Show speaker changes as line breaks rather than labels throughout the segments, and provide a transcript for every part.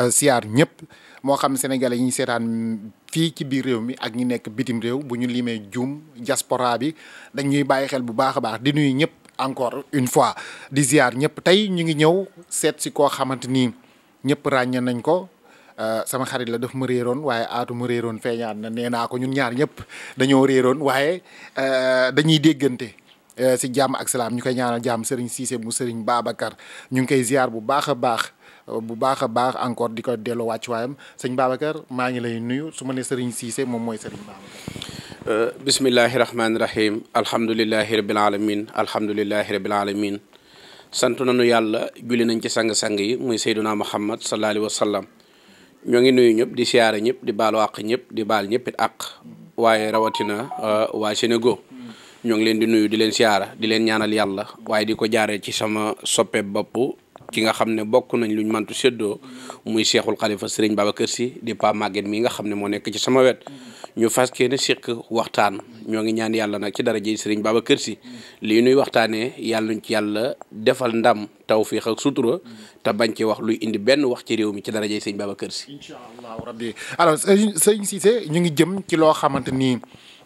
Euh, siyaar ñëpp moo xam sénégalais yi ñu seetaan fii ci biir réew mi ak ñu nekk bitim réew bu ñu liimee juum diaspora bi dañuy bàyyi xel bu baax a baax di nuyu ñëpp encore une fois di ziar ñëpp tey ñu ngi ñëw seet si koo xamante ni ñëpp ràññe nañ ko euh, sama xarit la daf ma réeroon waaye aatu ma réeroon feeñaat na nee naa ko ñun ñaar ñëpp dañoo réeroon waaye euh, dañuy déggante si jàmm ak salaam ñu koy ñaanal jàmm sëriñ Cissé mu sëriñ Babacar ñu ngi koy ziar bu baax a baax. bu baax a baax encore di ko delloo wàccuwaayam sëñ Babacar maa ngi lay nuyu su ma ne Serigne Cissé moom mooy Serigne Babacar.
Euh, bismillahi rahmaani rahim alhamdulilahi rabil alamin alhamdulilahi rabil alamin sant nañu yàlla julli nañ ci sang-sang yi muy Seyduna Muhammad sallallahu alayhi wa sallam ñoo ngi nuyu ñëpp di siyaare ñëpp di baalo àq ñëpp di baal ñëpp it waaye rawatina euh, waa Sénégal. ñoo ngi leen di nuyu di leen siyaara di leen ñaanal yàlla waaye di ko jaaree ci sama soppe bopp ki nga xam ne bokk nañ luñ mantu séddoo muy seexul xalifa sëriñ Babacar Sy di Pape Maguette mi nga xam ne moo nekk ci sama wet ñu fas yéene seq waxtaan ñoo ngi ñaan yàlla nag ci dara ji sëriñ kër si li nuy waxtaanee yàlla ñu ci yàlla defal ndam taw tawfiix ak sutura te bañ ci wax luy indi benn wax ci réew mi ci dara ji sëriñ Babacar kër si
allah sëriñ Cissé ñu ngi jëm ci loo xamante ni.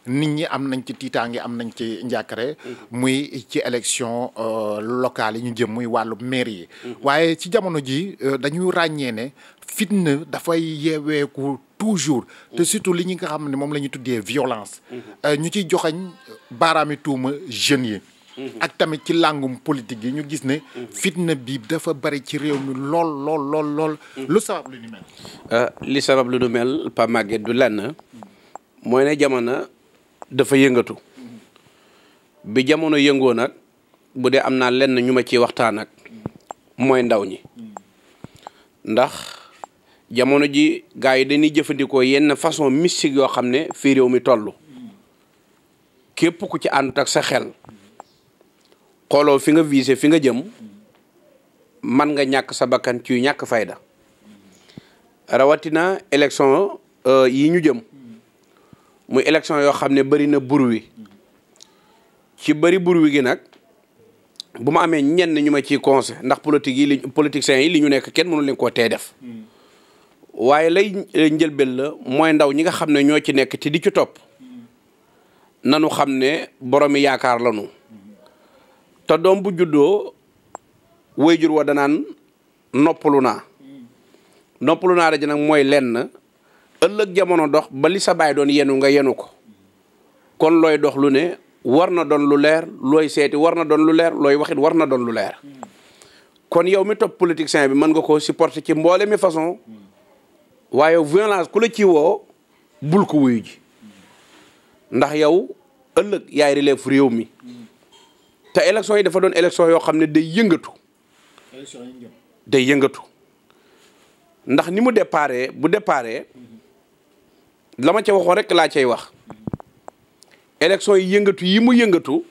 nit ñi am nañ ci tiitaange am nañ ci njàkkare muy ci élection euh, locale yi ñu jëm muy wàllu maire yi mm-hmm. waaye ci jamono ji euh, dañuy ràññee ne fitna dafay yeeweeku toujours te mm-hmm. surtout li ñu nga xam ne moom la ñu tuddee violence mm-hmm. euh, ñu ci joxañ baaraami tuuma jeunes yi ak tamit ci làngum politique yi ñu gis ne fitna bi dafa bari ci réew mi lool lool lool lool lu sabab lu ñu
mel li sabab lu ñu mel Pa Maguette du lenn mm. mooy ne jamono dafa yëngatu bi jamono yëngoo nag bu dee am na lenn ñu ma ciy waxtaan ak mooy ndaw ñi ndax jamono ji gars yi dañuy jëfandikoo yenn façon mystique yoo xam ne fii réew mi toll képp ku ci àndut ak sa xel xooloo fi nga visé fi nga jëm man nga ñàkk sa bakkan ci ñàkk fayda rawatina élection euh, yi ñu jëm muy élection yoo xam ne bari na burwi ci bari bruit gi nag bu ma amee ñenn ñu ma ciy conseil ndax politique yi li yi li ñu nekk kenn mënu leen koo tee def waaye lay njëlbeen la mooy ndaw ñi nga xam ne ñoo ci nekk te di ci topp nanu xam ne boromi yaakaar lanu te doom bu juddoo wéyjur wa danaan noppalu naa noppalu naa daje nag mooy lenn ëllëg jamono dox ba li sa baay doon yenu nga yenu ko kon looy dox lu ne war na doon lu leer looy seeti war na doon lu leer looy waxit war na doon lu leer kon yow mi topp politicien bi mën nga koo supporter ci mboole mi façon waaye violence ku la ci woo
bul ko wuyu ji
ndax yow ëllëg yaay relève réew mi te élection yi dafa doon élection yoo xam ne day yëngatu day yëngatu ndax ni mu déparé bu déparé lama ma ca waxoon rek laa cay wax élection yi yëngatu yi mu yëngatu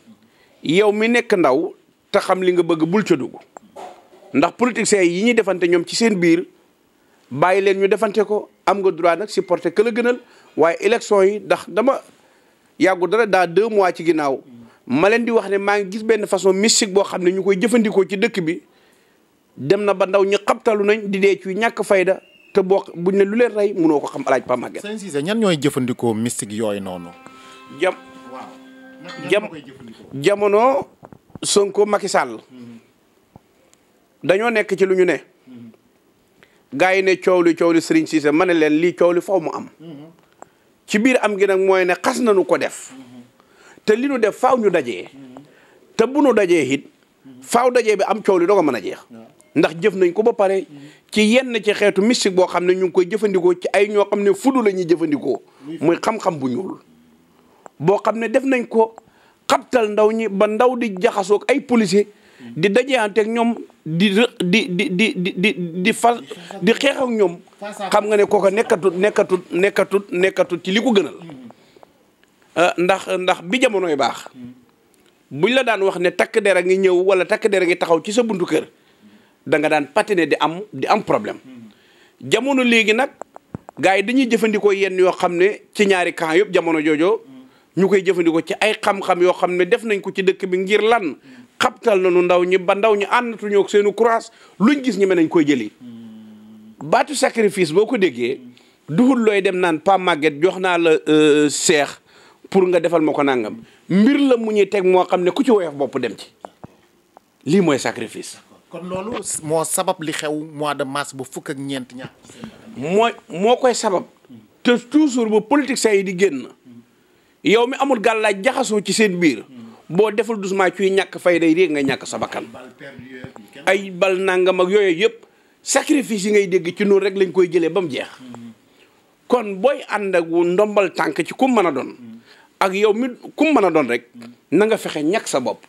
yow mi nekk ndaw te xam li nga bëgg bul ca dugg ndax politiciens yi ñuy defante ñoom ci seen biir bàyyi leen ñu defante ko am nga droit nag supporter que la gënal waaye élection yi ndax dama yàggu dara daa deux mois ci ginnaaw ma leen di wax ne maa ngi gis benn façon mystique boo xam ne ñu koy jëfandikoo ci dëkk bi dem na ba ndaw ñu xabtalu nañ di dee ci ñàkk fayda te boo buñ ne lu leen rey
mënoo ko xam alaaj pa màgget sëñ Cissé ñan ñooy jëfandikoo mystique yooyu noonu
jam jam
jamono Sonko Macky Sall
dañoo nekk ci lu ñu ne gars yi ne coow li coow li Serigne Cissé leen lii coow li faw mu am ci biir am gi nag mooy ne xas nañu ko def te li nu def faw ñu dajee te bu nu dajee it faaw dajee bi am coow li doo ko mën a jeex ndax jëf nañ ko ba pare ci yenn ci xeetu mystique boo xam ne ñu ngi koy jëfandikoo ci ay ñoo xam ne fudu la ñuy jëfandikoo mooy xam-xam bu ñuul boo xam ne def nañ ko xabtal ndaw ñi ba ndaw di jaxasook ay policier di dajeanteeg ñoom di di di di di di di di xeex ak ñoom xam nga ne kooka nekkatut nekkatut nekkatut nekkatut ci li ko gënal ah, ndax ndax bi jamonoy baax hmm. buñ la daan wax ne takk der a ñëw wala takk der ngi taxaw ci sa buntu kër da nga daan patiner di am di am problème jamono léegi nag gars yi dañuy jëfandikoo yenn yoo xam ne ci ñaari camp yëpp jamono joojoo ñu koy jëfandikoo ci ay xam-xam yoo xam ne def nañ ko ci dëkk bi ngir lan xabtal nañu ndaw ñi ba ndaw ñi àndatuñu ak seenu courage luñ gis ñi mën nañ koy jëli baatu sacrifice boo ko déggee duhul looy dem naan pa màgget jox naa la euh, seex pour nga defal ma ko nangam mbir la mu ñuy teg moo xam ne ku ci woyof boppu dem ci lii mooy sacrifice
kon loolu moo sabab li xew mois de mars ba fukk ak ñeent ñaar. mooy moo koy
sabab. te toujours ba politiciens yi di génn. yow mi amul gàllaaj jaxasoo ci seen biir. boo deful doucement cuy ñàkk fay day nga ñàkk sa bakkan ay bal nangam ak yooyu yëpp. sacrifice yi ngay dégg ci noonu rek lañ koy jëlee ba mu jeex. kon booy ànd ak wu ndombal tànk ci ku mën a doon. ak yow mi ku mën a doon rek. na nga fexe ñàkk sa bopp.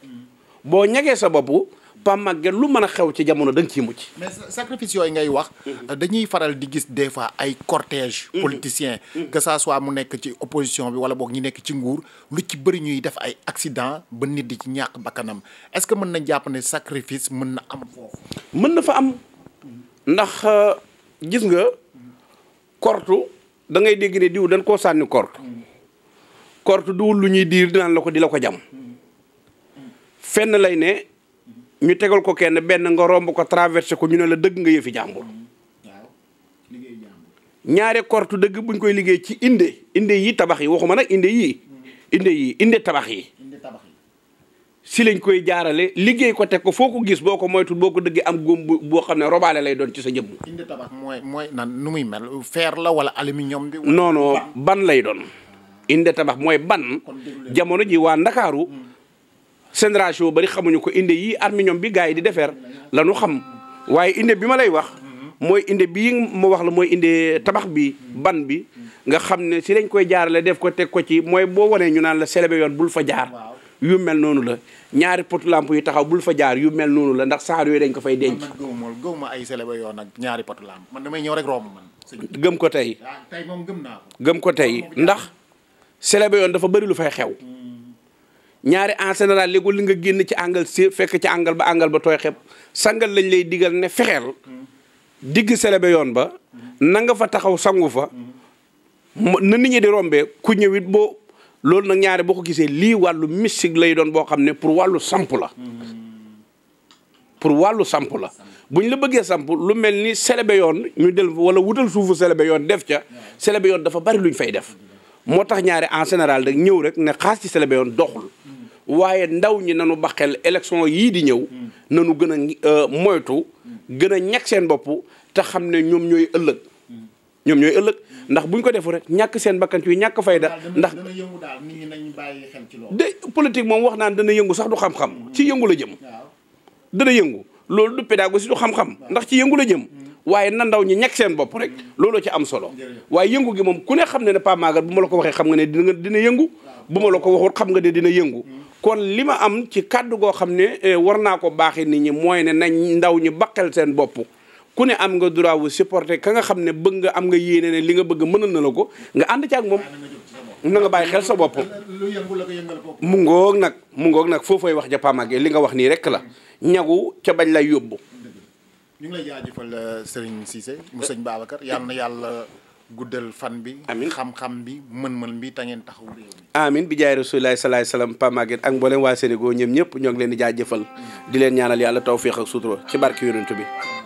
boo ñàggee sa bopp. pa màgget lu mën a xew
ci jamono da nga ciy mucc. mais sacrifice yooyu ngay wax. Mm-hmm. dañuy faral di gis des fois ay cortège mm-hmm. politicien mm-hmm. que sa soit mu nekk ci opposition bi wala boog ñi nekk ci nguur lu ci bëri ñuy def ay accident ba nit di ci ñàkk bakkanam est-ce que mën na jàpp ne sacrifice mën na am foofu. mën na fa am ndax euh, gis nga kortu
da ngay dégg ne diw dañ koo sànni kortu kortu duwul lu ñuy diir dinaan la ko di la ko jam fenn lay ne. ñu tegal ko kenn benn nga romb ko traversé ko ñu ne la dëgg nga yëfi jàmbur. ñaare kortu dëgg buñ koy liggéey ci inde inde yi tabax yi waxuma nag inde yii. inde yii inde tabax yi. si lañ koy jaarale liggéey ko teg ko foo ko gis boo ko moytu boo ko dëggee am góom boo xam ne robaale lay doon ci sa jëmm.
inde mooy mooy nu muy mel fer la wala
aluminium bi. ban lay doon. inde tabax mooy ban jamono ji waa Ndakaaru. Mm. génération bari xamuñu ko inde yii arminium bi gars yi di defeer la ñu xam waaye inde bi ma lay wax mooy inde bii ma wax la mooy indee tabax bi ban bi nga xam ne si lañ koy jaarale def ko teg ko ci mooy boo wanee ñu naan la selebe yoon bul fa jaar yu mel noonu la ñaari pot lamp yi taxaw fa jaar yu mel noonu la ndax saar yooyu dañ ko fay denc. man
gëmuma gëmuma ay selebe yoon ak ñaari pot lamp man damay ñëw rek romb man.
gëm ko tey.
Ah, tey moom gëm naa ko.
gëm ko tey ndax selebe yoon dafa bëri lu fay xew. Mm. ñaari en général léegoo li nga génn ci àngal si fekk ci àngal ba àngal ba tooy xep sangal lañ lay digal ne fexeel digg selebe yoon ba na nga fa taxaw sangu fa na nit ñi di rombee ku ñëwit boo loolu nag ñaari boo ko gisee lii wàllu mystique lay doon boo xam ne pour wàllu samp la pour wàllu samp la buñ la bëggee samp lu mel ni selebe yoon ñu del wala wutal suufu selebe yoon def ca selebe yoon dafa bari luñ fay def moo tax ñaari en général rek ñëw rek ne xaas ci selebe yoon doxul waaye ndaw ñi nanu baxel élection yii di ñëw hmm. nanu gën a euh, moytu hmm. gën a ñàkk seen bopp te xam ne ñoom ñooy ëllëg hmm. ñoom ñooy ëllëg ndax buñ ko defu rek ñàkk seen bakkan ci ñàkk fayda ndax dana
yëngu daal nit ñi nañ ci loolu
de politique moom wax naan dana yëngu sax du xam-xam ci yëngu la jëm dana yëngu loolu du pédagogie du xam-xam ndax ci yëngu la jëm waaye na ndaw ñi ñekk seen bopp rek looloo ci am solo waaye yëngu gi moom ku ne xam ne ne Pape Maguette bu ma la ko waxee xam nga ne dina dina yëngu bu ma la ko waxul xam nga ne dina yëngu kon li ma am ci kàddu goo xam ne eh, war naa ko baaxee ni ñi mooy ne nañ ndaw ñi baqel seen bopp ku ne am nga droit wu supporter ka nga xam ne bëgg nga am nga yéene li nga bëgg mënal na la ko nga ànd ci ak moom na nga bàyyi xel sa bopp mu ngoog nag mu ngoog nag foofu ay wax ja pamage li nga wax nii rek la ñagu ca bañ lay yóbbu
ñu ngi lay jaajëfal eh, Serigne Cissé mu sëñ Babacar yàlla na yàlla guddal fan bi. amiin xam-xam bi mën-mën bi ta ngeen taxaw réew mi.
amiin bi jaay rasulilah salaay salaam Pa Maguette ak mboolem waa Sénégal ñoom ñëpp ñoo ngi leen di jaajëfal. di leen ñaanal yàlla tawféex ak sutura ci barke
yonent bi.